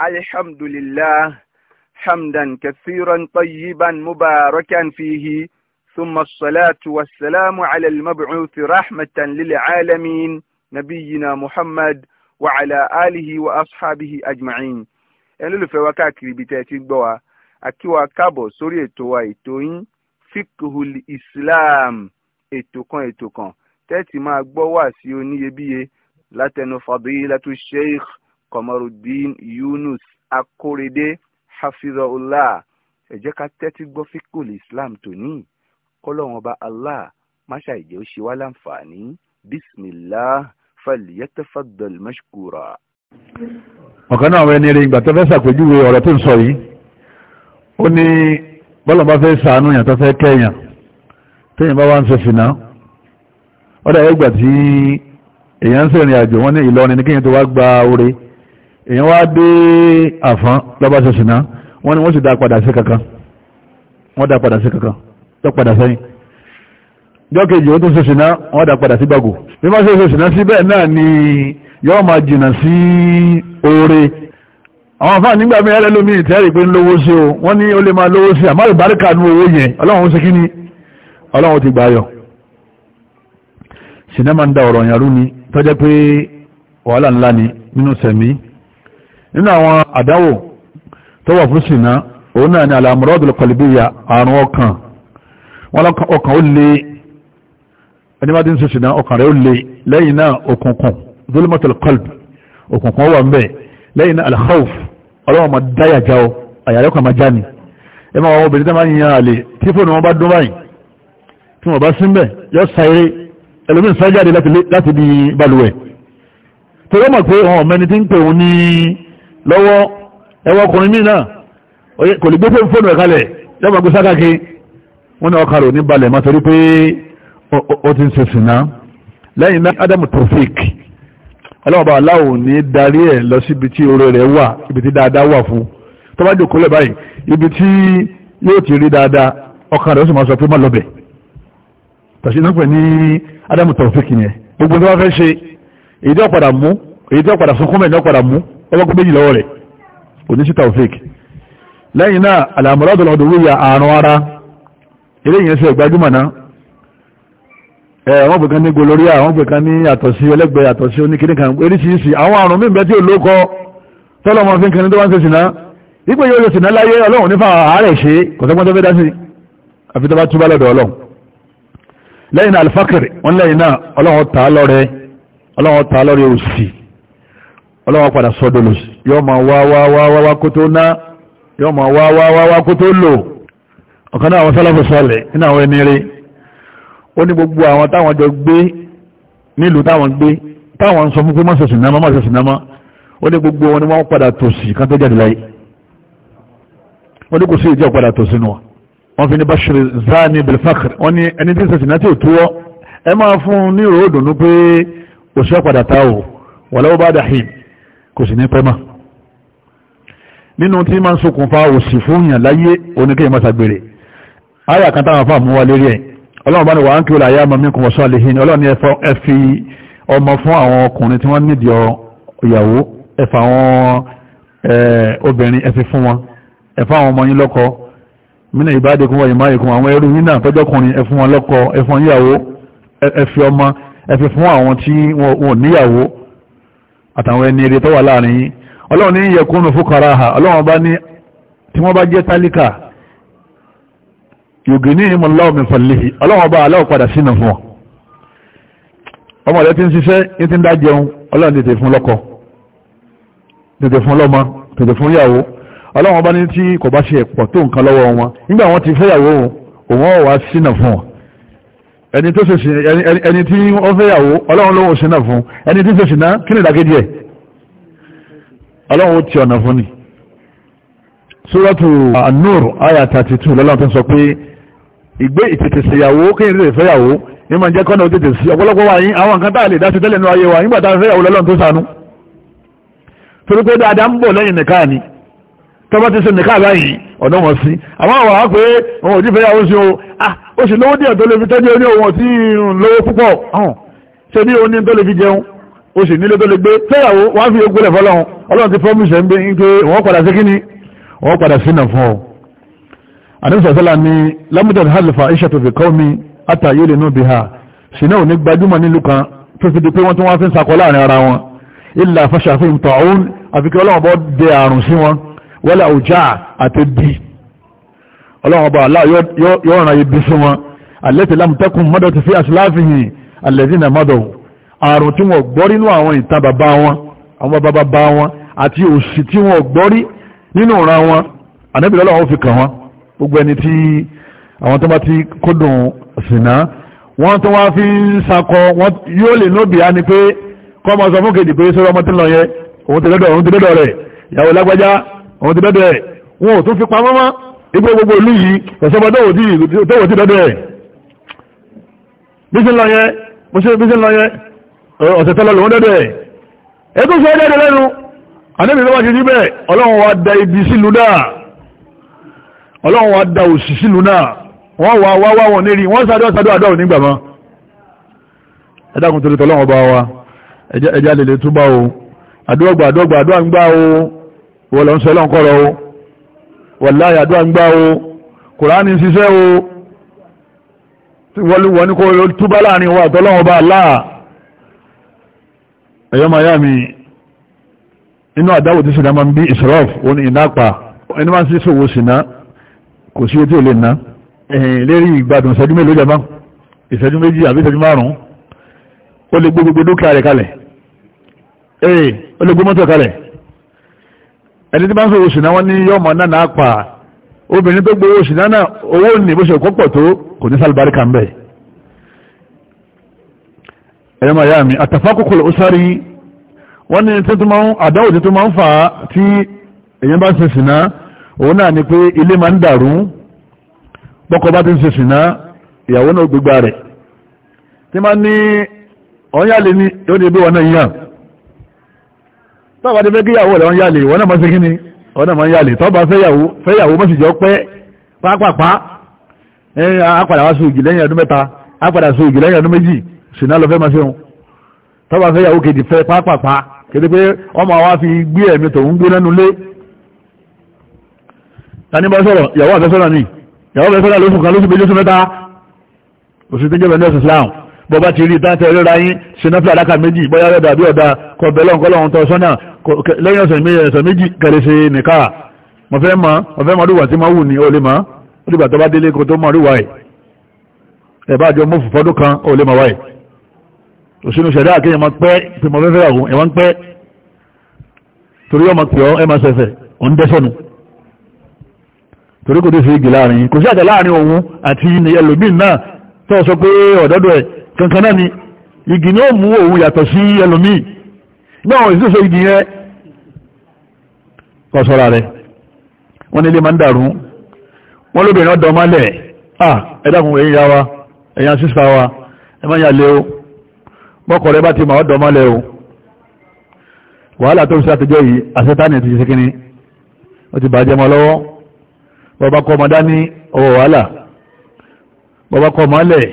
الحمد لله حمدا كثيرا طيبا مباركا فيه ثم الصلاة والسلام على المبعوث رحمة للعالمين نبينا محمد وعلى آله وأصحابه أجمعين ẹni ló fẹ́ wá káàkiri ibi tẹ́ ẹ ti gbọ́ wa àkí wa káàbọ̀ sórí ètò wa ètò yín fikhul islam ètò kan ètò kan tẹ́tì máa gbọ́ wá sí oníyebíye látẹnu fadilatu Kọmọrùdín Yunus Akórèdé hafizahullah ẹ jẹ́ ká tẹ́tí gbọ́ fíkùl Islam tòní kọ́lọ́wọ́n ọba Allah máṣá ìjẹ́ ó ṣe wá láǹfààní bismillah falyatafaddal mashkura. ọ̀kan náà àwọn ẹni rẹ̀ ìgbà tó fẹ́ ṣàpèjúwe ọ̀rọ̀ tó ń sọ yìí ó ní bọ́lọ̀ bá fẹ́ sàánú yàn tó fẹ́ kẹ́yàn téèyàn bá wá ń ṣe fìnà ó dà tí èèyàn ń sèrìn àjò wọn ní Ìlọrin ní kéèyàn tó wá gba oore èyàn wá dé àfán lọ́bá ṣẹ̀ṣìná wọ́n ni wọ́n sì dá padà sí kankan wọ́n dá padà sí kankan tó padà sẹ́yìn jọ́kejì ó tún ṣẹ̀ṣìná wọ́n dá padà sí gbàgò bí wọ́n ṣe ṣẹ̀ṣìná síbẹ̀ náà ni yọ́ máa jìnà sí oore àwọn afáà nígbà mí ẹlẹ́ lómi ìtẹ́rì pé ń lówó sí o wọ́n ní ó lè máa lówó sí àmọ́ ìbáríkà nú owó yẹn ọlọ́run ṣe kí ni ọlọ́run ti gbà yọ sinema ń da ọ̀rọ̀ ìyàrú ni tọ́jẹ́ pé wàhálà ńlá ni nínú sẹ̀mí nínú àwọn àdáwò tó wà fún sínà òun náà ni alamurọ́dù kọlìbíyà àrùn ọkàn wọn ọkàn ó le ẹni bá ti ń ṣe sínà ọkàn rẹ̀ ó le lẹ́yìn náà òkùnkùn zulmatul qalb òkùnkùn wà ń bẹ̀ lọ́wọ́ ẹwọ́ ọkùnrin míì náà kò lè gbé fóònù ẹ̀ kalẹ̀ yọba gbé sákàkí wọ́n ní ọkà rò ní balẹ̀ máa torí pé ó ti ń ṣe sìnà lẹ́yìn náà Adamu Tofik ọlọ́wọ́ bá aláwò ní darí ẹ̀ lọ síbi tí oore rẹ̀ wà ibi tí dáadáa wà fún tó bá jòkó lẹ̀ báyìí ibi tí yóò ti rí dáadáa ọkà rẹ̀ ó sì máa sọ pé má lọ bẹ̀ náà pẹ̀ ní Adamu Tofik yẹn gbogbo tó bá fẹ́ ṣe èyí tí ó padà mú èyí tí ó padà sunkún mẹ́ ní ó padà mú ọlọ́kùn méjì lọ́wọ́ rẹ̀ kò ní sí taufik lẹ́yìn náà alàmọ́lọ́dọ̀ lọ́dọ̀ wíyà àrùn ara ilé ìyẹn sí ẹgbàjúmọ̀ náà wọ́n pẹ̀kan ní goloria wọ́n pẹ̀kan ní àtọ̀sí ẹlẹ́gbẹ̀ àtọ̀sí oníkíní kan oríṣiríṣi àwọn àrùn mí bẹ́ẹ̀ tí ò lókọ tọ́lọ́mọ fi ń kẹni tó wá ń ṣe sìnà ipò yóò lè sìnà ọlọ́run ta lọ́rẹ òsì ọlọ́wọ́ padà sọ́dọ̀lù yọ́ ma wá wá wá wá wá kó tó ná yọ́ ma wá wá wá wá kó tó lò ọ̀kan náà àwọn sálàfẹ́ sọ́lẹ̀ nínú àwọn ẹni rí ó ní gbogbo àwọn táwọn jọ gbé nílùú táwọn gbé táwọn sọ fún pé má ó ní gbogbo wọn ni wọ́n padà tòsí sí bashir zani belfakr wọ́n ní ẹni tí ń ṣe sinatí ò túwọ́ ẹ máa kò sì ní pẹ́ mọ́ nínú tí máa ń ṣokùnfà òsì fún yàn láyé oníkẹ́ ìmọ́sàgbèrè ayà kan táwọn fà mú wa lérí ẹ̀ ọlọ́run bá ní wàá ń kí ó láyé àmọ́ mínkù wọ́sọ́ àlè hin ọlọ́run ní ẹ fi ọmọ fún àwọn ọkùnrin tí wọ́n nídìí ìyàwó ẹ fà àwọn obìnrin ẹ fi fún wọn ẹ fà àtàwọn ẹni eré tó wà láàrin yín ọlọ́run ní yẹkúnnù fúkàrà ha ọlọ́run bá ní tí wọ́n bá jẹ́ tálíkà yògì ní ìmọ̀láwọ̀ mẹ́fàlẹ́hì ọlọ́run bá aláwọ̀ padà sínú fún wọn ọmọ rẹ̀ ti ń ṣiṣẹ́ ní ti ń dá jẹun ọlọ́run tètè fún ẹni tó ṣe ṣìnà ẹni tí ó fẹ́ yàwó ọlọ́run lọ́wọ́ ṣe náà fún ẹni tí ṣe ṣìnà kí ni ìdákejì ẹ̀ ọlọ́run ti ọ̀nà fún ni sóràtù anur aya 32 lọ́lọ́run tó sọ pé ìgbé ìtètè ṣèyàwó kí ni ìfẹ́ yàwó ní máa jẹ́ kọ́nà òtètè sí ọ̀pọ̀lọpọ̀ wa yín àwọn nǹkan táà lè dá sí tẹ́lẹ̀ nínú ayé wa nígbà tọ́bá ti ṣe nìká báyìí ọ̀dọ́ wọn sí àwọn àwọn àwọn pé wọn ò ní fẹ́yàwó sí o ah, ó sì lówó díẹ̀ tó lè fi tọ́jú oní òun ọ̀tí ìrùn lówó púpọ̀ ọ̀hún ṣe ní oní tó lè fi jẹun ó sì nílé tó lè gbé fẹ́yàwó wọ́n fi ogun lẹ̀ fọ́lọ́hun ọlọ́run ti promise ń gbé pé wọ́n padà sí kíní wọ́n padà sí náà fún ọ. àdébùsọ̀sọ́là ni lamudan halifa iṣẹ́ tó fi kọ́ mi ata yóò lè nú bi ha sinna ò ní gbajúmọ̀ nílùú kan tó fi di pé wọ́n tún wá fi ń sakọ láàrin ara wọ́lá òjá àti bí ọlọ́run ọba aláà yóò ràn ibi fún wọn àlẹ́tẹ̀ lámùtẹ́kùn mọ́dọ̀ ti fi àṣìláàfihìn àlẹ́dínà mọ́dọ̀ àrùn tí wọ́n gbọ́rí nínú àwọn ìtàn bàbá wọn àwọn bàbá bá wọn àti òṣì tí wọ́n gbọ́rí nínú ọ̀ràn wọn ànábì ọlọ́run fi kàn wọn gbogbo ẹni tí àwọn tó bá ti kódùn sìnà wọ́n tó wá fi ń sakọ wọ́n yóò lè lóbi á ni pé kọ́ ọmọ sọ fún kejì pé sọ́rọ́ ọmọ tí ń lọ yẹ òun ti lọ́dọ̀ rẹ̀ ìyàwó lágbájá àwọn ti dọ́dọ̀ ẹ̀ wọn ò tún fi pamọ́ mọ́ ipò gbogbo ìlú yìí ẹ̀sọ́bọ̀ tọ́wọ̀ ti dọ́dọ̀ ẹ̀ bí sí lọ yẹn mo ṣe bí sí lọ yẹn ọ̀sẹ̀ tọ́lọ lòun dọ́dọ̀ ẹ̀ ẹ̀tún sọ dọ́dọ̀ lẹ́nu àdébì ló wá ti rí bẹ́ẹ̀ ọlọ́run wa da ibi sílu náà ọlọ́run wa da òsì sílu náà wọ́n wà wá wá wọn nírí wọ́n sádọ́ sádọ́ àdọ́ nígbà mọ́ ẹ̀dàkùn torítọ́ ọlọ́run lè lè túbá o àdúgbà àdúgbà àdúgbà ń gbá wọ́n lọ ń sẹ́lọ̀ ń kọ́rọ̀ o wàláhì àdúrà ń gbá o kùránì ń ṣiṣẹ́ o wọ́n ní kó túbá láàrin wa àtọ́lọ́wọ́ bá láà ẹ̀yọ́ miami inú àdáwò tí sinamá ń bí israf òun ìnápa ẹni máa ń sí ṣòwò síná kò sí etí ò lè ná lérí ìgbádùn ìṣẹ́jú mélòó jẹ́ máa ìṣẹ́jú méjì àbí ìṣẹ́jú márùn-ún ó lè gbogbo dúkìá rẹ̀ kalẹ̀ ee ó lè gbé mọ́tò kalẹ̀ ẹni tí bá ń sọ òṣìná wọn ní yọ́mọ náà náà pa obìnrin tó gbowó òṣìná náà owó ní bó ṣe kọ́pọ̀ tó kò ní sálùbáríkà ń bẹ̀ ẹ̀yọ́ máa yá mi àtàfákòkò òsárì wọ́n ní àdáwò tí tó máa ń fà á tí èyàn bá ń ṣe ṣìná òun náà ni pé ilé máa ń dàrú bọ́kọ bá ti ń ṣe ṣìná ìyàwó náà gbégbá rẹ̀ tí máa ní ọ̀nyá ní yóò ní ibi wọn náà yíyàn tọ́ba ti fẹ́ kí ìyàwó rẹ̀ ń yàlè ìwọ náà máa ṣe kí ni ìwọ náà máa ń yàlè tọ́ba fẹ́yàwó fẹ́yàwó mọ́ sì jọ pẹ́ pápápá àpàdà wá sí òjì lẹ́yìn ọdún mẹ́ta àpàdà sí òjì lẹ́yìn ọdún méjì ṣìnà lọ fẹ́ máa ṣeun tọ́ba fẹ́yàwó kejì fẹ́ pápápá kéde pé ọmọ wa fi gbé ẹ̀mí tòun gbé lẹ́nu lé tani bá sọ̀rọ̀ ìyàwó àfẹ́sọ́nà ni ìyàwó àfẹ́sọ́nà lóṣù kan lóṣù méjì oṣù mẹ́ta oṣù tí ń jẹ́ bẹ̀rẹ̀ ní Islam bọ́ba ti rí ìtàn tẹ̀lé ra yín ṣe náà fi àdáka méjì bọ́yá rẹ̀ dàbí ọ̀dà kọ̀ọ̀bẹ̀lọ́nkọ́lọ́hún tọ́ sọ́nà lẹ́yìn ọ̀sẹ̀ méjì kẹrẹsẹ̀ nìka mo fẹ́ mọ mo fẹ́ mọ rúwà tí ma wù ní olè mọ́ ó dìgbà tó bá délé kó tó mọ rúwà ẹ̀ ẹ̀bá àjọ mọ́fù fọ́dún kan olè mọ́ wáyé òṣìlú ṣẹ̀dá àkíyàn máa pẹ́ pé mo fẹ́fẹ́ àwọn ẹ̀wọ́n pẹ́ torí ọmọ pẹ̀ ọ́ ẹ máa ṣẹ̀fẹ̀ ò ń dẹ́sọ̀nù torí kò tó fi igi láàrin kò sí ni igi ni ó mú òun yàtọ̀ sí ẹlòmíín náà ìsúsọ ìdí yẹn kọsọ́ra rẹ̀ wọ́n nílé ma ń dàrú wọ́n lóbìnrin ọ̀dọ̀ mọ́lẹ̀ ah ẹ̀dàkùn èyí ya wa èyàn sísà wa ẹmọ́ ya lé o mọ́kọ̀ rẹ̀ bá ti ma ọ̀dọ̀ mọ́lẹ̀ o wàhálà tó ń sàtẹ́jọ́ yìí àṣẹ́tánì ti ṣe kíní ó ti bàjẹ́ mọ́ lọ́wọ́ bọ́bá kọ́ ọmọdá ní ọwọ́ wàhálà bọ́bá kọ́ ọmọlẹ̀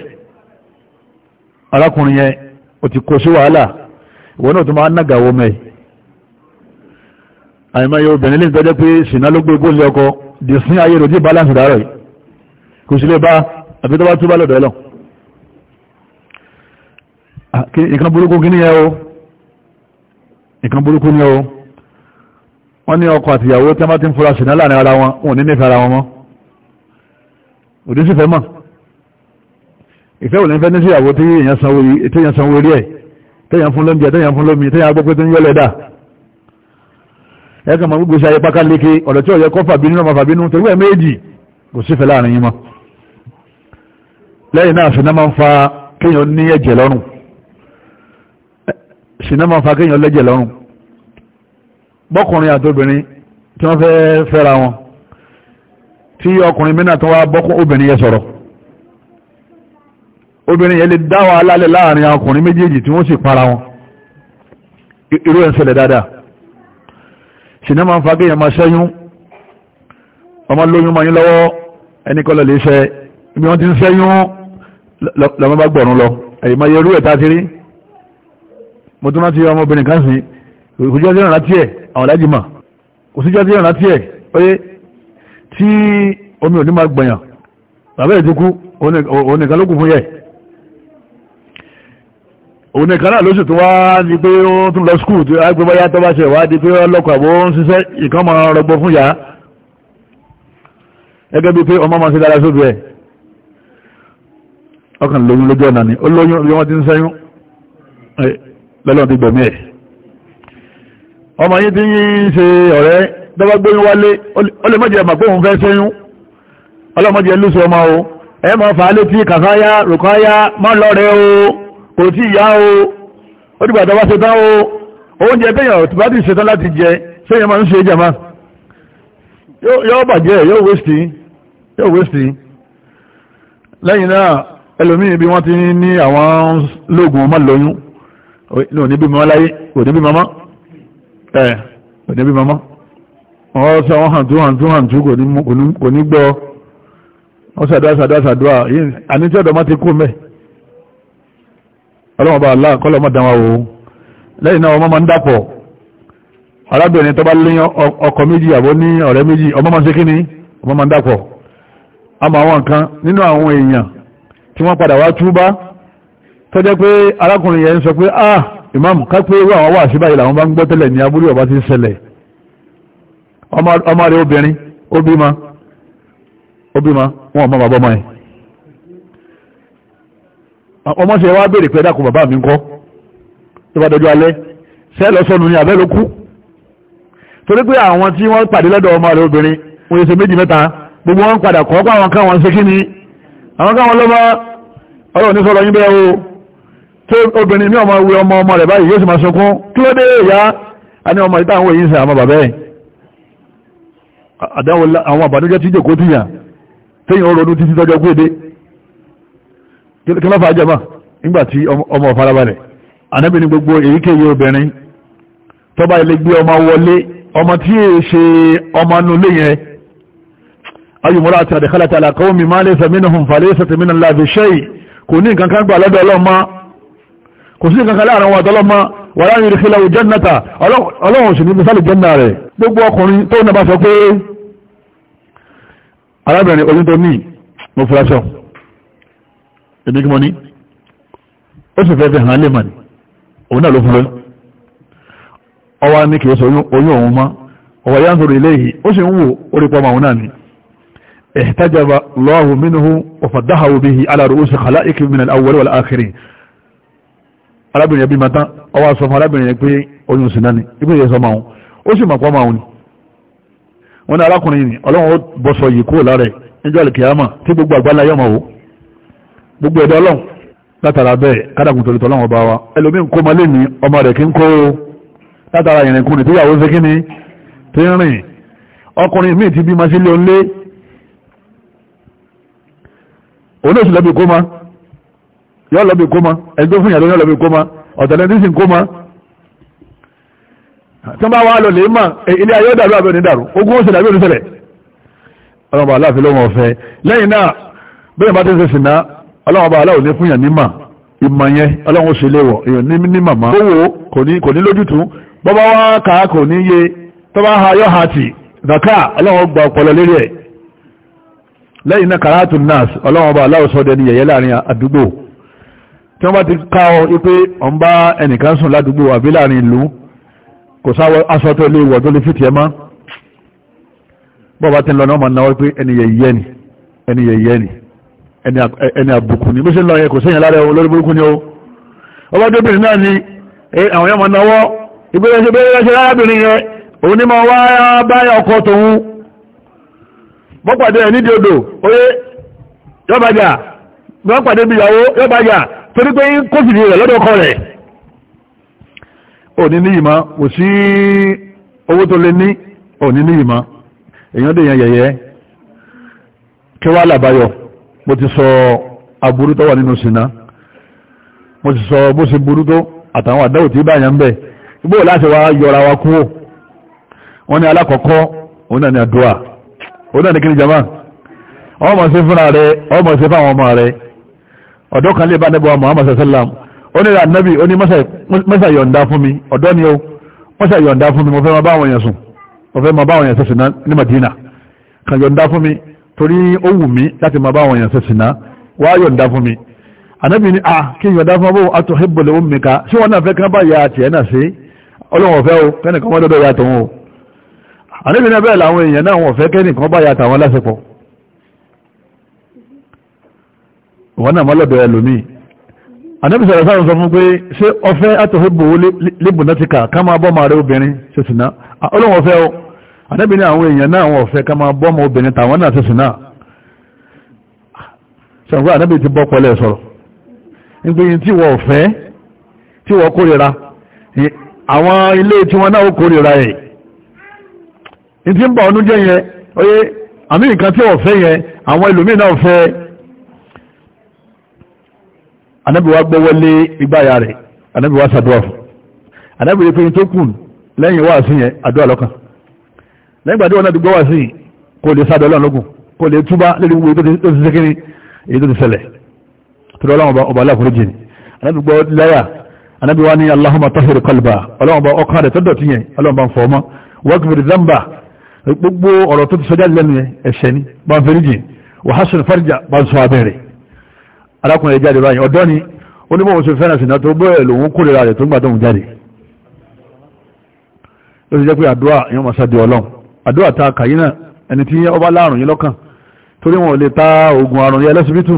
arákùnrin yẹn ó ti kó sí wàhálà ìwọ náà tó máa nágàwọ́ mẹ́ àìmọye obìnrin lè tọ́jẹ́ pé ṣìnà ló gbé góòlì ọkọ di sí ayé rò dí balance dárọ̀ yìí kò sí lè bá àbí tó bá túbá lọ́dọ̀ ẹlọ ìkan burúkú kí ní ẹ o ìkan burúkú ní o wọ́n ní ọkọ àtìyàwó tí a máa ti ń fura ṣìnà láàrin ara wọn wọn ní nífẹ̀ẹ́ ara wọn sanwó rí ẹ̀ tẹ́yàn fún lóúnjẹ tẹ́yàn fún lómi tẹ́yàn agbókó tó ń yọ́lẹ̀ dà ẹ̀kàn ma gbogbo ṣe ayé pákáleke ọ̀rọ̀ tí ó yẹ kọ́ fàbínú ọmọ fàbínú torí ẹ̀ méjì kò sífẹ̀ láàrin yín lẹ́yìn náà ṣìnà máa fa kéèyàn ní ẹ̀jẹ̀ lọ́rùn ṣìnà máa fa kéèyàn lẹ́jẹ̀ lọ́rùn bọ́kùnrin àtobìnrin tí wọ́n fẹ́ fẹ́ra wọn tí ọkùnrin mìíràn tó wá bọ́kùn obìnrin yẹ sọ̀rọ̀ obìnrin yẹn lè dá wàhálà lẹ̀ láàrin ọkùnrin méjèèjì tí wọ́n sì para wọn irú ẹ̀ ń ṣẹlẹ̀ dáadáa ṣìnà máa ń fa kéèyàn máa ṣẹ́yún ọmọ lóyún máa yín lọ́wọ́ ẹni kọ́ lọ́lẹ̀ iṣẹ́ ibi wọ́n ti ń ṣẹ́yún lọ́mọ bá gbọ̀rún lọ ẹ̀yìn máa yẹ irú ẹ̀ tá a ti mo tún láti ọmọbìnrin kan sí òsìjọ́ tí ìrànlá tiẹ̀ àwọn alájì mà òsìjọ́ tí ìrànlá tiẹ̀ pé tí omi ò ní máa gbọ̀yàn bàbá ẹ̀ ti kú òun nìkan ló kù fún yẹ̀ òun nìkan náà lóṣù tó wá ní pé ó tún lọ skúù tí a gbé báyá tó bá ṣe wá di pé ọlọ́kọ̀ àbó ń ṣiṣẹ́ ìkan máa rọgbọ fún yá gẹ́gẹ́ bí pé ọmọ máa ṣe dára sóbi ẹ̀ ọkàn lóyún lójú ọ̀nà ni olóyún bí wọ́n ti ń sẹ́yún lọ́lọ́ ti kò tí ìyá o ó dìgbà tó bá ṣe o oúnjẹ téèyàn tó bá ti ṣe tán láti jẹ séèyàn máa ń ṣe jàmá yóò bàjẹ́ yóò wéṣì yóò wéṣì lẹ́yìn náà ẹlòmíì bí wọ́n ti ní àwọn lóògùn ọmọ lóyún ló ní bí mọ́ láyé kò ní bí mọ́mọ́ ẹ̀ kò ní bí mọ́mọ́ wọ́n sọ wọ́n hàn tó hàn tó hàn tó kò ní gbọ́ wọ́n sàdúrà sàdúrà sàdúrà àní tí ọ̀dọ̀ má ti kú mẹ́ ọlọ́mọba aláà kọ́lọ̀ mọ́ dánwà wo lẹ́yìn náà ọmọ ma ń dàpọ̀ arábìnrin tó bá lé ọkọ méjì àbó ní ọ̀rẹ́ méjì ọmọ ma ń ṣe kíní ọmọ ma ń dàpọ̀ àmọ́ àwọn nǹkan nínú àwọn èèyàn tí wọ́n padà wá túbá tó jẹ́ pé arákùnrin yẹn sọ pé ah imam ká pé irú àwọn wà síbáyìí làwọn bá ń gbọ́ tẹ́lẹ̀ ní abúlé ọba ti ṣẹlẹ̀ ọmọ rẹ̀ obìnrin ó bímọ wọn ò mọ bàbá ọmọ yẹn ọmọ sí ẹwà bèèrè pé dákùn bàbá mi ń kọ́ tó bá dọjọ́ alẹ́ sẹ́ lọ sọnù ní abẹ́ ló kú torí pé àwọn tí wọ́n pàdé lọ́dọ̀ ọmọ rẹ̀ obìnrin wọ́n yẹ ṣe méjì mẹ́ta gbogbo wọn padà kọ́ pa àwọn káwọn ṣe kí ni àwọn káwọn lọ́mọ ọlọ́run ní sọ́lọ́ yín bẹ́ẹ̀ o tó obìnrin ní ọmọ ìwé ọmọ ọmọ rẹ̀ báyìí yóò sì máa sunkún kí ló dé ìyá a ní ọmọ ìta àwọn èyí ń sẹ àwọn bàbá ẹ̀ àwọn àbànújẹ́ tí jòkó tìyàn tẹ́yìn ó ronú títí tọ́jọ́ gbéde kílọ́fà ajẹ́mà nígbàtí ọmọ ọ̀farabalẹ̀ anábì ní gbogbo èyíkéyìí obìnrin tó bá ilé gbé ọmọ wọlé ọmọ tí è ṣe ọmọ nù léyìn ayùmọ́ra àti àdìkálàtà àlàkọ́ mi máa lè sàmínà hùn fàlẹ́ sàtìmínà láàbí ṣẹ́yì kò ní nǹkan kan gbà lọ́dọ̀ ọlọ́mọ kò sí nǹkan kan láàrin wọn àtọ́lọ́mọ wà láàrin ìrìkílẹ̀ òjẹ́nàta ọlọ́run sì ní misali jẹ́nà rẹ̀ gbogbo ọkùnrin tó nàbà sọ pé arábìnrin oyún ní mo fura sọ èmi kí mo ní ó sì fẹ́ fi hàn lè mà ní òun náà ló fún lọ ọwá ní kìí sọ oyún òun mọ́ ọwá yá ń sọ̀rọ̀ ilé yìí ó sì ń wò orí pọ́mọ òun náà ni ihtajaba Allahu minhu wa faddahu bihi ala ru'usi khalaiqi min al-awwal wal akhirin arábìnrin ẹbí mata ọwá sọ fún arábìnrin pé oyún sí náà ni ibi ìyẹsọ máa wọn ó sì mà pọ́mọ òun ni wọn ni arákùnrin yìí kúrò lára gbogbo ẹ̀dọ́ ọlọ́run látara bẹ́ẹ̀ kádàkùn torí tọ́lọ́run ọba wa ẹlòmíín kó máa lè ní ọmọ rẹ̀ kí ń kó látara ìrìnkú ní tíyàwó ṣe kíni tí ń rìn ọkùnrin míì ti bí ma sí ilé onílé òun náà sì lọ́bì kó ma yọ́ lọ́bì kó ma ẹgbẹ́ fún ìyàlọ́ yọ́ lọ́bì kó ma ọ̀tẹ̀lẹ́ ní sì kó ma tí wọ́n bá wá lọ lè mà e, ilé ayé dàrú àbẹ̀ ní dàrú ó ṣe sìnà ọlọ́run ọba aláwọ̀ ní fúnyàn nímà ìmọ̀ yẹn ọlọ́run ṣe léwọ̀ èèyàn ní màmá owó kò ní lójútù bọ́bá wá ká kò ní yé tọ́bá ha yọ́ ha tì zaka ọlọ́run gba ọpọlọ lérí ẹ̀ lẹ́yìn náà karatu nas ọlọ́run aláwọ̀ sọ́dẹ ní yẹ̀yẹ́ láàrin àdúgbò tí wọ́n bá ti ká ọ wípé ọ̀n bá ẹnìkan sùn ládùúgbò àbí láàrin ìlú kò sáwọ́ aṣọ tó lè wọ̀ tó lè fìtì ẹ mọ́ bọ́ọ̀bá ti ń lọ náà ẹni yẹ̀yẹ́ ni ẹni yẹ̀yẹ́ ni ẹni àbùkù ní bí sí lọ yẹ kò síyàn lára ẹwọ lórí burúkú ni ó ọba dóbìnrin náà ni àwọn yọmọ náwọ́ ìgbéyànṣe lárábìnrin yẹ òun ma wá báyà ọkọ tòun bọ́pàdé ẹ̀ nídìí odò oyé yọ́bàjà bọ́pàdé bí ìyàwó yọ́bàjà torí pé kó sì rẹ̀ lọ́dọ̀ ọkọ rẹ̀ òní ní ìmá kò sí owó tó lé ní òní ní ìmá èèyàn mo ti sọ aburú tó wà nínú sinna mo ti sọ bó ṣe burú tó àtàwọn àdáwò tí báyà ń bẹ̀ igbó láti wá yọra wa kúrò wọ́n ní alákọ̀ọ́kọ́ òun ni àdúrà òun náà ni kíni jama ọmọ sí fúnra rẹ ọmọ sí fáwọn ọmọ rẹ ọ̀dọ́ kan lè bá nẹ́bọ̀ Muhammad sallam ó ní ra mẹ́sà yọ̀ǹda fún mi ọ̀dọ́ ni ó mẹ́sà yọ̀ǹda fún mi mo fẹ́ máa bá àwọn èèyàn sùn mo fẹ́ máa bá àwọn sẹ́sìn ní Madina kan yọ̀ǹda fún mi torí ó wù mí láti máa bá àwọn èèyàn ṣẹ̀sìnà wá yọ̀ǹda fún mi ànábì ni a ah, kí yọ̀ǹda fún abóhùn àtò hébùlẹ̀ omi ka wọ́n náà fẹ́ kán bá ya tiẹ̀ náà sí ọlọ́wọ̀n ọ̀fẹ́ o kẹ́nìkan ya tòun o ànábì náà bẹ́ẹ̀ làwọn èèyàn náà wọ́n fẹ́ kẹ́nìkan bá ya tàwọn lásìpọ̀ wọ́n náà mọ́lọ́dọ̀ ẹ lómi ànábì sọ̀rọ̀ ànábì ní àwọn èèyàn náà wọn ọ̀fẹ́ ká máa bọ́mọ obìnrin tàwọn náà ṣẹ̀ṣìn náà ṣàǹgbọ́n ànábì ti bọ́ pọ̀lẹ̀ sọ̀rọ̀ nígbìyàn tí wọ́n ọ̀fẹ́ tí wọ́n kórìíra àwọn ilé tí wọ́n náà kórìíra ẹ̀ ní tí ń bọ̀ ọdún jẹ́ yẹn oyé àmì nǹkan tí wọ́n fẹ́ yẹn àwọn wa lẹ́gbàdé wọn náà ti gbọ́ wá sí kò lè sábẹ́ ọlọ́run lókun kò lè túbá lórí gbogbo èyí tó ti sékéré èyí tó ti ṣẹlẹ̀ tó lọ́wọ́ ọlọ́run ọba aláàkúrẹ́ jìn anábì gbọ́ ní aláhùnmá tọ́sọ̀rọ̀ kalba ọlọ́run tó ti sọjá lẹ́nu ẹ̀ṣẹ̀ ni rẹ̀ tó ń gbà tóun jáde ó ti jẹ́ pé àdúrà ìyọ́n mọ̀ sáde ọlọ́run àdúrà ta kàyí náà ẹni tí ó bá láàrùn yí lọ́kàn torí wọn lè ta oògùn àrùn yẹ lọ́sibítù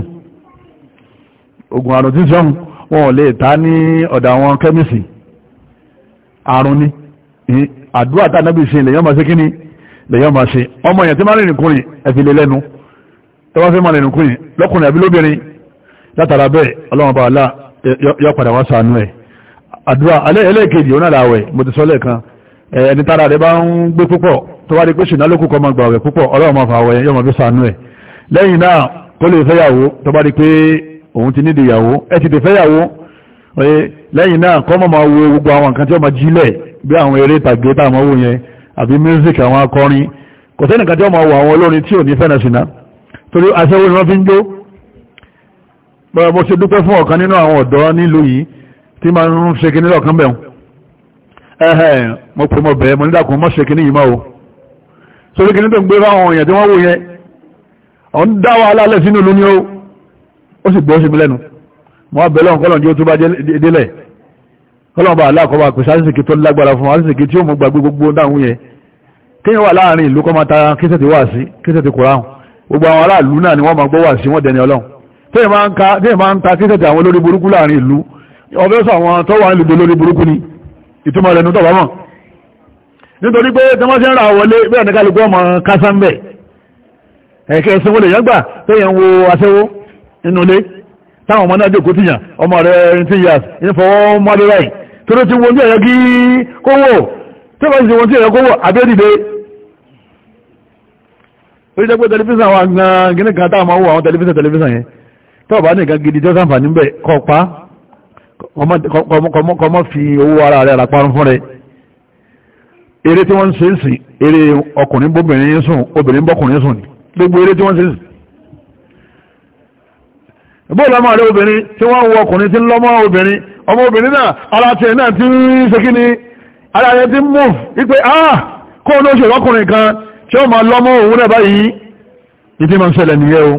oògùn àrùn tí sọ́hun wọn lè ta ní ọ̀dà àwọn kẹ́mìsì àrùn ni àdúrà tá nábì ṣe lèyàn máa ṣe kí ni lèyàn máa ṣe ọmọ èèyàn tí máa rìnrìn kùnrin ẹ̀fì lè lẹ́nu tó bá fẹ́ máa rìnrìn kùnrin lọ́kùnrin àbí lóbìnrin látara bẹ́ẹ̀ ọlọ́run bá wàlá yọ padà wá sànú ẹ̀ àdúrà alẹ́ ẹlẹ́ẹ̀kejì ó náà làwẹ̀ mo ti sọ lẹ́ẹ̀kan ẹni tára rẹ̀ bá ń gbé púpọ̀ tó wá di pé ṣìnà lókù kọ́ máa gbà ọ̀rẹ́ púpọ̀ ọlọ́run máa fà wọ yẹn yóò máa fi sànú ẹ̀ lẹ́yìn náà kó lè fẹ́yàwó tó bá di pé òun ti nídìí ìyàwó ẹ ti dè fẹ́yàwó lẹ́yìn náà kọ́ máa máa wo gbogbo àwọn nǹkan tí ó máa jílẹ̀ bí àwọn eré tàgbé tá yẹn àbí music àwọn akọrin kò sẹ́nìkan tí ó máa wo àwọn olórin tí ò ní fẹ́nà ṣìnà torí aṣẹ́wó ni wọ́n fi ń jó bọ́ra mo ṣe dúpẹ́ fún ọ̀kan nínú àwọn ọ̀dọ́ nílùú yìí tí máa ń ṣe kinní lọ́kàn bẹ̀rún ẹ̀hẹ̀ mo pè mọ́ bẹ̀rẹ̀ mo nídàkùn mọ́ ṣe kinní yìí máa o sórí kìíní tó ń gbé fáwọn èèyàn tí wọ́n wò yẹn ọ̀n dá wàhálà alẹ́ sínú ìlú ni ó ó sì gbọ́ sí mi lẹ́nu mo wá bẹ̀rẹ̀ ọ̀nkọ́lọ̀ ní ó tó bá délẹ̀ kọ́lọ̀ bá aláàkọ́bà pèsè àṣìṣìkì tó lágbára fún àṣìṣìkì tí ó mú gbàgbé gbogbo dáhùn yẹn kéèyàn wà láàrin ìlú kọ́ kíṣẹ́ ti wà sí kíṣẹ́ ti kùráhùn gbogbo àwọn aráàlú náà ni wọ́n máa gbọ́ wà sí wọ́n dẹni ọlọ́run téèyàn máa ń ta kíṣẹ́ ti àwọn olórí burúkú láàrin ìlú ọbẹ̀ sọ àwọn tó wà nílùú olórí burúkú ni ìtumọ̀ rẹ̀ nù nítorí pé tí wọ́n ti ń ra wọlé bẹ́ẹ̀ ní kálukú ọmọ kásánbẹ̀ ẹ̀kẹ́ ẹ̀sìnwó lè yọ́gbà tó yẹn wo aṣẹ́wó inú ilé táwọn ọmọ náà jòkó tìyàn ọmọ rẹ̀ ti yà ìfọwọ́ mọ́lẹ́rẹ́ tó ló ti wo ojú ẹ̀yọ́ kí kówó tí wọ́n ti wo ojú ẹ̀yọ́ kówó abẹ́dìde ó jẹ́ pé tẹlifíṣàn wa gan gíní kan táwọn máa wo àwọn tẹlifíṣàn tẹlifíṣàn yẹn fi owó ara rẹ̀ rà fún rẹ̀ eré tí wọ́n ṣe ń sìn eré ọkùnrin bóbìnrin sùn obìnrin bọ́kùnrin sùn ni gbogbo eré tí wọ́n ṣe ń sìn bóòlù ọmọ rẹ obìnrin tí wọ́n wọ ọkùnrin tí ń lọ́mọ obìnrin ọmọ obìnrin náà ara tiẹ̀ náà ti ń ṣe kí ni ara rẹ ti ń move wípé a ah, kó ló ṣe ọkùnrin kan tí ó máa lọ́mọ òun náà báyìí ní tí máa ń ṣẹlẹ̀ nìyẹn o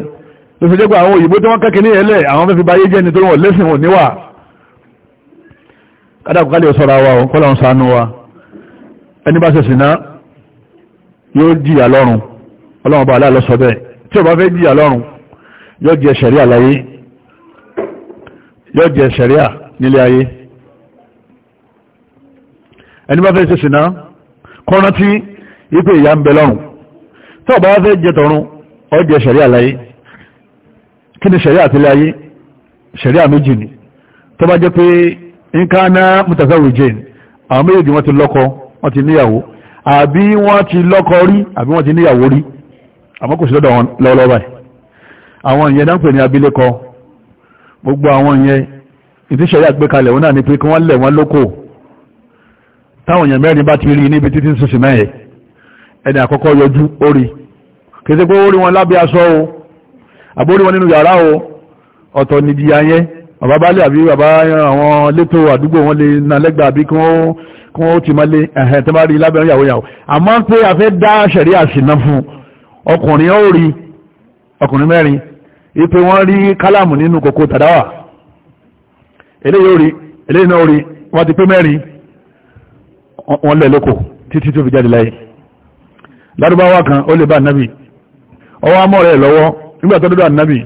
ló fi jẹ́ pé àwọn òyìnbó tí wọ́n kẹ́kẹ́ ní ẹlẹ́ àwọn báyé jẹ́ nítorí wọn lẹ́sìn ẹni bá ṣe ṣìná yóò jìyà lọ́run ọlọ́run bá aláàlọ́sọ bẹ́ẹ̀ tí ó bá fẹ́ jìyà lọ́run yóò jẹ ṣẹ̀ríà láyé yóò jẹ ṣẹ̀ríà nílé ayé ẹni bá fẹ́ ṣe ṣìná kọ́nà tí ipò ìyà ń bẹ lọ́run tí ó bá fẹ́ jẹ tọ̀run ó jẹ ṣẹ̀ríà láyé kí ni ṣẹ̀ríà tilé ayé ṣẹ̀ríà méjì ni tó bá jẹ́ pé nǹkan náà mutasawijin àwọn méjèèjì wọn ti lọ́kọ̀ọ́ wọ́n ti níyàwó àbí wọ́n ti lọ́kọ rí àbí wọ́n ti níyàwó rí àmọ́ kò sí lọ́dọ̀ wọn lọ́wọ́lọ́wọ́ báyìí àwọn ìyẹn dáńpẹ̀ ní abilékọ gbogbo àwọn ìyẹn ìtíṣẹ̀rí àgbékalẹ̀ wọn náà ni pé kí wọ́n lẹ̀ wọ́n lóko táwọn èèyàn mẹ́rin bá ti rí níbi títí sùsì mẹ́yẹ ẹni àkọ́kọ́ yọjú orí kìí sí pé ó rí wọn lábẹ́ aṣọ o àbórí wọn nínú yàrá o ọ̀tọ̀ nìdíyà yẹn bàbá bálẹ̀ àbí bàbá àwọn létò àdúgbò wọn lè na lẹ́gbàá àbí kí wọ́n ti mọ́lé ẹ̀hẹ̀ tó bá rí lábẹ́rún ìyàwó ìyàwó àmọ́ pé a fẹ́ dá ṣẹ̀rí àṣìná fún ọkùnrin ó rí ọkùnrin mẹ́rin ipe wọ́n rí kálàmù nínú kòkó tàdáwà eléyìí ó rí eléyìí náà ó rí wọ́n ti pé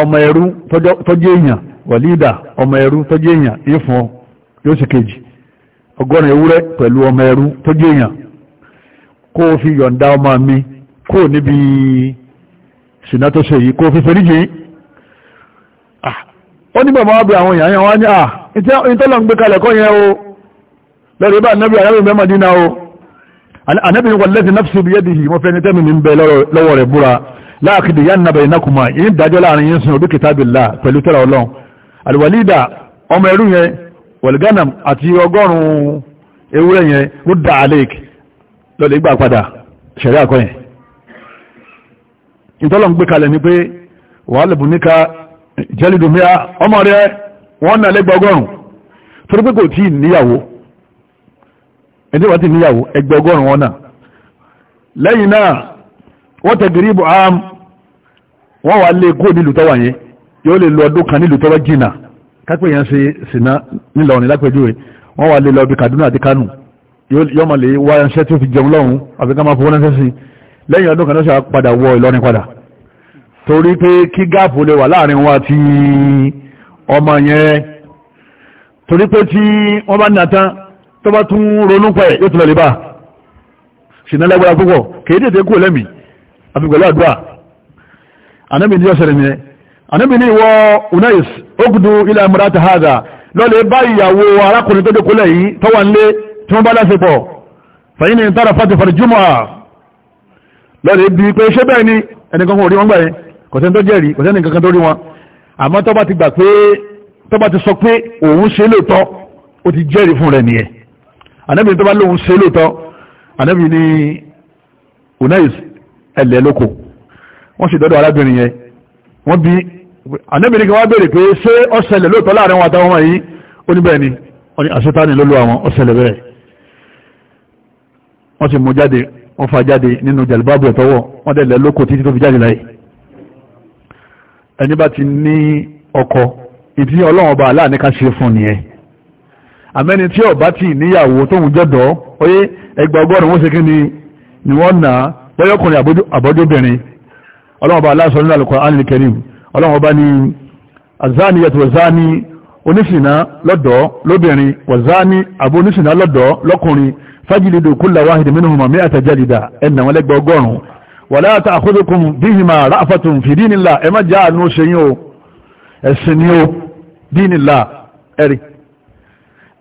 ọmọ ẹrú tọ́jú èèyàn wàlídà ọmọ ẹrú tọ́jú èèyàn ìfún yóò sì kejì ọgọ́rin ewúrẹ́ pẹ̀lú ọmọ ẹrú tọ́jú èèyàn kó o fi yọ̀ǹda ọmọ mi kó o níbi ṣìnà tó ṣe yìí kó o fi fẹ́ríjì ah, ó ní bàbá wábi àwọn èèyàn wá ní à ìtọ́lọ̀ ń gbé kalẹ̀ kọ́ yẹn o lọ́rọ̀ ibà anábì anábì mẹ́màdínà o anábì wọlẹ́sì náfṣì bí yẹ́dì yìí mọ́fẹ́ ní tẹ́mì ní ń bẹ lọ́wọ́ rẹ̀ búra láàkìdì yá nàbà ìnákùmá yìí dájọ́ láàrin yín sin kìtàbìlá pẹ̀lú tẹ́rà ọlọ́run alìwàlídà ọmọ ẹrú yẹn wọ̀lgánàm àti ọgọ́rùn-ún ewúrẹ́ yẹn rúdà alek lọ́lẹ̀ padà ṣẹ̀rí àkọ́yìn ìtọ́lọ̀ ń gbé kalẹ̀ ní pé wàhálẹ̀bù ọmọ rẹ wọ́n nà ọgọ́rùn torí pé kò tí níyàwó wọ́n tẹ̀ gírí ibò am wọ́n wà lè kó nílùú tọ́wà yẹn yóò lè lo ọdún kan nílùú tọ́wà jìnnà kápẹ́ yẹn ṣe sìnà nílọrin lápẹ́júwe wọ́n wà lè lọ bí Kaduna àti Kánò yóò mọ̀ lè wá ẹnṣẹ́ tó fi jẹun lọ́hùn àfi ká máa fowó ránṣẹ́ sí lẹ́yìn ọdún kan náà padà wọ Ìlọrin padà torí pé kí gáàpù lè wà láàrin wa ti ọmọ yẹn torí pé tí wọ́n bá nàtán tó bá tún ronú pẹ̀ yóò tún lọ lè bá ṣìnà lágbára púpọ̀ kèédèdè kú lẹ́mìí àfi pẹ̀lú àdúrà anábì ní ọ̀sẹ̀ rẹ̀ anábì ní ìwọ unais okudu ilẹ̀ amúrata hada lọ́lẹ̀ bá ìyàwó arákùnrin tó dékúlẹ̀ yìí tọ́wà ń lé tí wọ́n bá lásìpọ̀ fẹ̀yìn ní tààrà fàtí fàtí jùmọ̀ lọ́lẹ̀ bí pé ṣé bẹ́ẹ̀ ni ẹnìkan kò rí wọn gbà yẹn kò sẹ́ni tó jẹ́rìí kò sẹ́ni kankan tó rí wọn àmọ́ tọ́ba ti ṣe lóòótọ́ ó ti unais ẹlẹ́ lóko wọ́n sì dọ́dọ̀ arábìnrin yẹn wọ́n bí anábìnrin kan wá béèrè pé ṣé ọ̀sẹ̀lẹ̀ lóòótọ́ láàrin wọn àtàwọn yìí ó ní bẹ́ẹ̀ ni wọ́n ní àṣetáni ló lo àwọn ọ̀sẹ̀lẹ̀ bẹ́ẹ̀ wọ́n sì mú jáde wọ́n fa jáde nínú jàlùbáàbù ẹ̀tọ́wọ̀ wọ́n dẹ̀ lẹ́ lóko títí tó fi jáde láyé ẹni bá ti ní ọkọ ìtí ọlọ́run ọba aláàní ká ṣe fún nìyẹn àmẹ́ni tí ọba tí níyàwó tóun jọ́dọ̀ ó yé ọgọ́rùn-ún ṣe kí ni ni wọ́n náà bọ́yọ́kùnrin àbọ́jọ́bìnrin ọlọ́wọ́ba aláṣọ nínú Al-Qur'an Al-Karim ọlọ́wọ́ba ni azani yàtọ̀ wazani oníṣìnà lọ́dọ̀ lóbìnrin wazani àbò oníṣìnà lọ́dọ̀ lọ́kùnrin fájìlìdò kulla wahid minhuma mi'ata jalida ẹ̀nà wọn lẹ́gbẹ̀ ọgọ́rùn wala ta'khudhukum bihima ra'fatun fi dinillah ẹ má já àánú ṣe yín o ẹ̀sìn ni o dinillah ẹ̀rì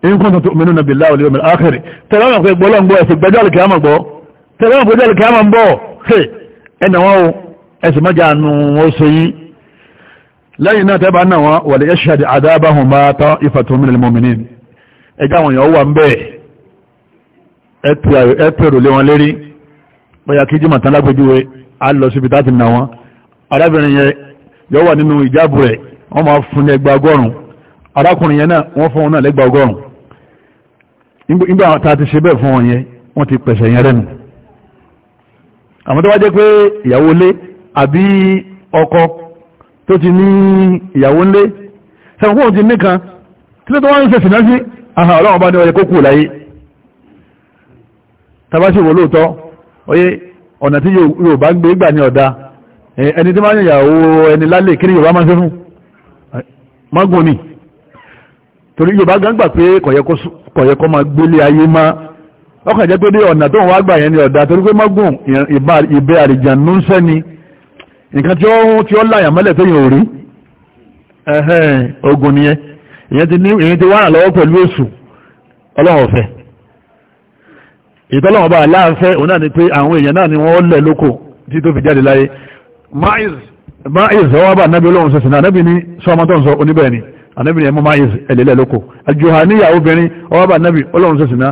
in kuntum tu'minuna billahi wal yawmil akhir tẹ̀lé wọn pé gbọ́lọ́ngbọ́ gbẹ́jọ́ àlùkìyàmọ̀ gbọ́ tẹ́lẹ̀ wọn kò jẹ́ ìkẹ́ àmọ́ ń bọ̀ ẹnà wọn o ẹsẹ̀ mọ́jà nù ó so yí lẹ́yìn náà tẹ́bà náà wọn wà lè yẹ́ ṣàdì àdábáhùn bá tán ìfàtún mílẹ̀ mọ́mìnì ẹjá wọn yàn wà ń bẹ́ẹ̀ ẹ̀pẹ̀rù lé wọn lérí bóyá kí jimá tán lágbèjúwe á lọ síbi tá ti arákùnrin yẹn náà wọ́n fún wọn náà ọgọ́rùn nígbà tá a ti ṣe bẹ́ẹ̀ fún wọn wọ́n ti pẹ̀sẹ̀ yẹn rẹ́nu àmọ́ tó wá jẹ́ pé ìyàwó ilé àbí ọkọ tó ti ní ìyàwó ilé sẹ́wọ̀n kóhùn ti nìkan tí ló tó wá ń ṣe sìnà sí àhà ọlọ́run bá ní ọyẹ kó kù láyé tabasi wo lóòótọ́ oyé ọ̀nà tí yóò bá gbé gbà ní ọ̀dá ẹni tí máa ń yàwó ẹni lálẹ́ kiri yóò bá máa ń ṣe fún magun ni torí yóò bá máa ọkàn jẹ́ pé dé ọ̀nà tó ń wá gbà yẹn ni ọ̀dà torí pé mọ́gùn ìbẹ́ àrìjànú ń sẹ́ ni nǹkan tí ó tí ó láyàn mọ́lẹ̀ tó yàn ò rí ẹ̀hẹ́n ogun nìyẹn ìyẹn ti ní ìyẹn ti wárà lọ́wọ́ pẹ̀lú èṣù ọlọ́run ọ̀fẹ́ ìtọ́lọ́wọ́ bá aláàfẹ́ òun náà ni pé àwọn èèyàn náà ni wọ́n lẹ̀ lóko tí tó fi jáde láyé máìz ọwọ́ bá anábì olóhùn sọ̀sìn náà anábì ní sọ́ọmọ tó ń sọ oníbẹ̀ẹ́ni anábì ní ẹmú máìz ẹ̀lẹ́lẹ́ lóko àjùhà níyàwó obìnrin ọwọ́ bá anábì olóhùn sọ̀sìn náà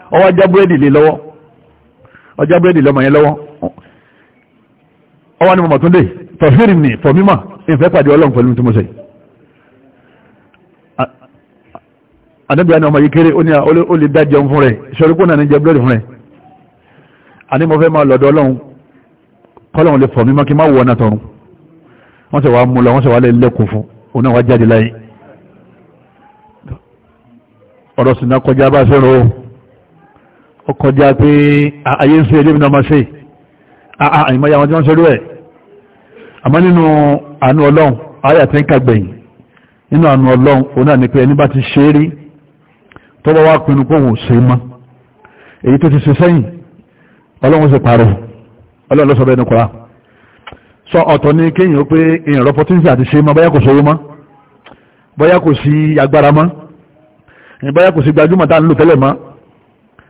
ọwọ́ já búrẹ́dì lé lọ́wọ́ ọjá búrẹ́dì lọ́mọ yẹn lọ́wọ́ ọwọ́ ni mọ̀mọ̀ tún dé tọ̀fíìrì ní fọ̀mímọ̀ ìfẹ́ pàdé ọlọ́run pẹ̀lú tí mo sẹ́yìn àdébíyà ni ọmọ yìí kéré ó ní ó lè dá jẹun fún rẹ̀ ṣọ́rípò náà ní jẹ búrẹ́dì fún rẹ̀ àní mo fẹ́ máa lọ́dọ̀ ọlọ́run kọ́lọ́run lè fọ̀mímọ́ kí má wọ ọ̀nà wọ́n sì wá mú lọ wọ́n sì wá lẹ́kùn fún òun náà wá jáde láyé ọ̀rọ̀ sì náà kọjá bá fẹ́ràn o ọkọjá pé ayé ń sí ẹlé ìbìnà máa ṣe àìmọ́ya wọn tí wọ́n ṣerú ẹ̀ àmọ́ nínú àánú ọlọ́run ayà tí ń kàgbẹ̀yìn nínú àánú ọlọ́run òun náà ni pé ẹni bá ti ṣe rí tọ́wọ́ wá pinnu pé òun ò ṣe mọ́ èyí tó ti ṣe sẹ́yìn ọlọ́run ṣe pààrọ̀ ọlọ́run ló sọ bẹ́ẹ̀ nìkọ́ra sọ ọ̀tọ̀ ni kéèyàn ó pé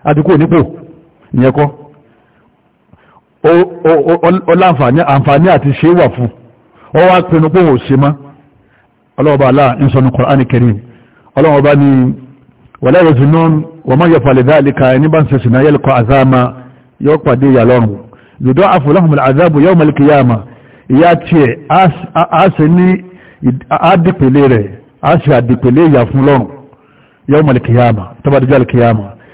àdúkò nípò ìyẹn kọ́ ọláǹfààní àǹfààní àti ṣe wà fún ọ wá pinnu pé òun ò ṣe mọ́ ọlọ́ọ̀bá aláà ń sọnù Kùránì Karim ọlọ́ọ̀bá ni wala yaznun wa man yaf'al dhalika ẹni bá ń ṣe ṣìnà yalqa azama yóò pàdé ìyà lọ́rùn yudha'afu lahum al-'adhabu yawm al-qiyamah ìyá tiẹ̀ á ní àdìpẹ̀lẹ̀ rẹ̀ á àdìpẹ̀lẹ̀ ìyà fún lọ́rùn yawm al-qiyamah tó bá dijọ́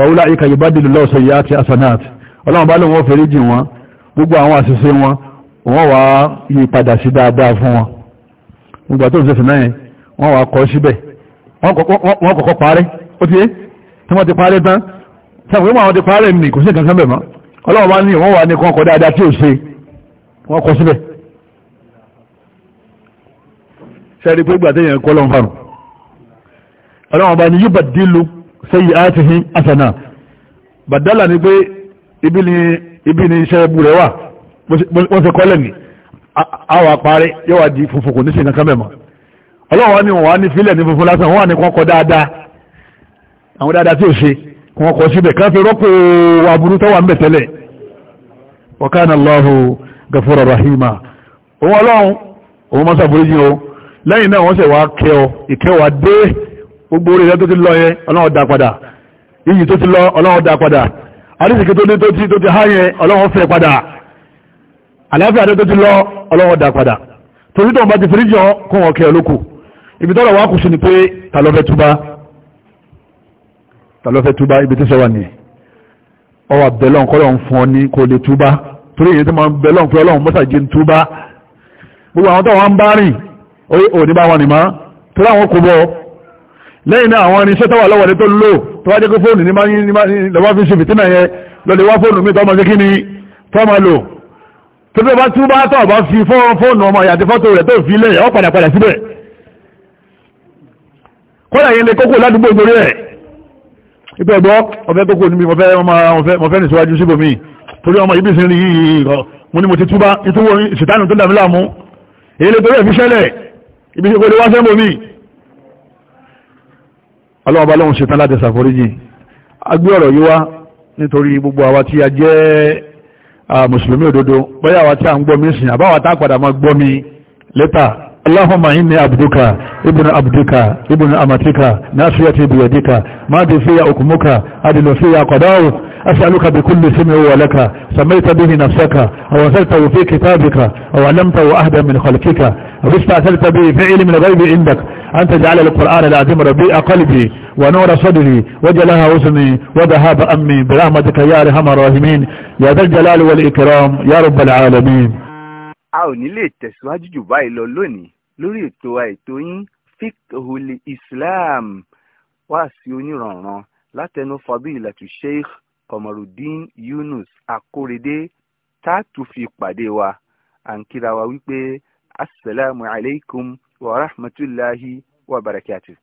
fàúlà ìkà ìbádìlú lọ́ọ̀sọ̀ ìyá àti asanat ọlọ́run bá lóun wọ́n fèrè jì wọn gbogbo àwọn àṣìṣe wọn wọ́n wá yí padà sí dáadáa fún wọn gbogbo àtọ́ ìṣẹ́sìn náà wọ́n wá kọ́ síbẹ̀ wọ́n kọ́kọ́ parẹ́ ó ti yé tí wọ́n ti parẹ́ tán sáwọn àwọn ti parẹ́ nì kò sí nǹkan sánbẹ̀ mọ́ ọlọ́run bá pé gbàtẹ́yìn kọ́ lọ́n farùn ọlọ́run bá ní yíbà dìlú sayyi'atihim hasana bàdálà ni pé ibi ni ibi ni iṣẹ́ ẹbú rẹ̀ wà wọ́n fi kọ́lẹ̀ ní àwọn àparí yóò wá di funfun kò ní sí nǹkan mẹ́mọ́ ọlọ́run wa ni wọ́n wá ní fílẹ̀ ní funfun lásán wọ́n wà ní kọ́ kọ́ dáadáa àwọn dáadáa tí ò ṣe wọ́n kọ́ síbẹ̀ Allahu gafura rahima o lẹ́yìn náà wọ́n sì wá kẹ́ ọ ìkẹ́wàá dé gbogbo orí rẹ tó ti lọ yẹn ọlọ́run dá padà iyì tó ti lọ ọlọ́run dá padà àrísìkí tó ní tó ti tó ti há yẹn ọlọ́run fẹ́ padà àlàáfíà tó ti lọ ọlọ́run dá padà torí tó ń bá ti fìrí jọ kún ọ̀kẹ́ olóko ibi tọ́lọ̀ wá kù sí ni pé ta ló fẹ́ túbá ta ló fẹ́ túbá ibi tí sọ wà ní ọwọ́ abẹ́lọ́n kọ́lọ̀ ń fún ọ ní kò lè túbá torí èyí tó máa ń bẹ́lọ́n pé ọlọ́run mọ́sàgé ń túbá gbogbo àwọn tó wọn bá rìn òní bá wọn nìmá lẹ́yìn náà àwọn irinṣẹ́ tọ́wà lọ́wọ́ ní tó lò tó wá jẹ́ kó fóònù ní lọ́wọ́ fi ṣe fìtínà yẹn lọ́lẹ̀ wá fóònù mi tọ́mọ sí kí ni tọ́mọ lò tó tó bá tún bá tọ́ bá fi fóònù ọmọ ìyàtí fọ́tò rẹ̀ tó fi lẹ́yìn ọ́ padà padà síbẹ̀ kọ́lá yẹn lè kókó ládùúgbò torí ẹ̀ ipẹ́ ẹ̀gbọ́ ọ̀fẹ́ kókó ní mi mọ̀fẹ́ nìṣíwájú síbò mi ibi sí rí mo ní mo ti túbá ìtúwò ìṣìtánù tó dàmílà mú èyí lè torí ibi ìgbòdè wá sẹ́mbò mi ọlọ́wọ́ bá lóhun ṣetán láti ṣàforíjì agbé ọ̀rọ̀ yíwá nítorí gbogbo àwa tí a jẹ́ mùsùlùmí òdodo bóyá àwa tí a ń gbọ́ mi sìn àbáwa tá a padà máa gbọ́ mi lẹ́tà Allahumma inni abduka ibnu abdika ibnu amatika nasiyati biyadika madi fiya hukmuka adilu fiya qada'u أسألك بكل سمع ولك سميت به نفسك أو أنزلته في كتابك أو علمته أهدا من خلقك أو استأثرت به في علم الغيب عندك أنت جعل القرآن العظيم ربيع قلبي ونور صدري وجلها حسني وذهاب أمي برحمتك يا أرحم الراحمين يا ذا الجلال والإكرام يا رب العالمين a ò ní lè tẹ̀síwájú jù báyìí lọ lónìí lórí ètò àìtó yín fiqhul islam wá sí onírànran látẹnu fadilatu sheikh Komarudin Yunus Akórèdé tá fi pàdé wa à ń kíra wa wípé asalaamualeykum wa rahmatulahi wa barakatuh.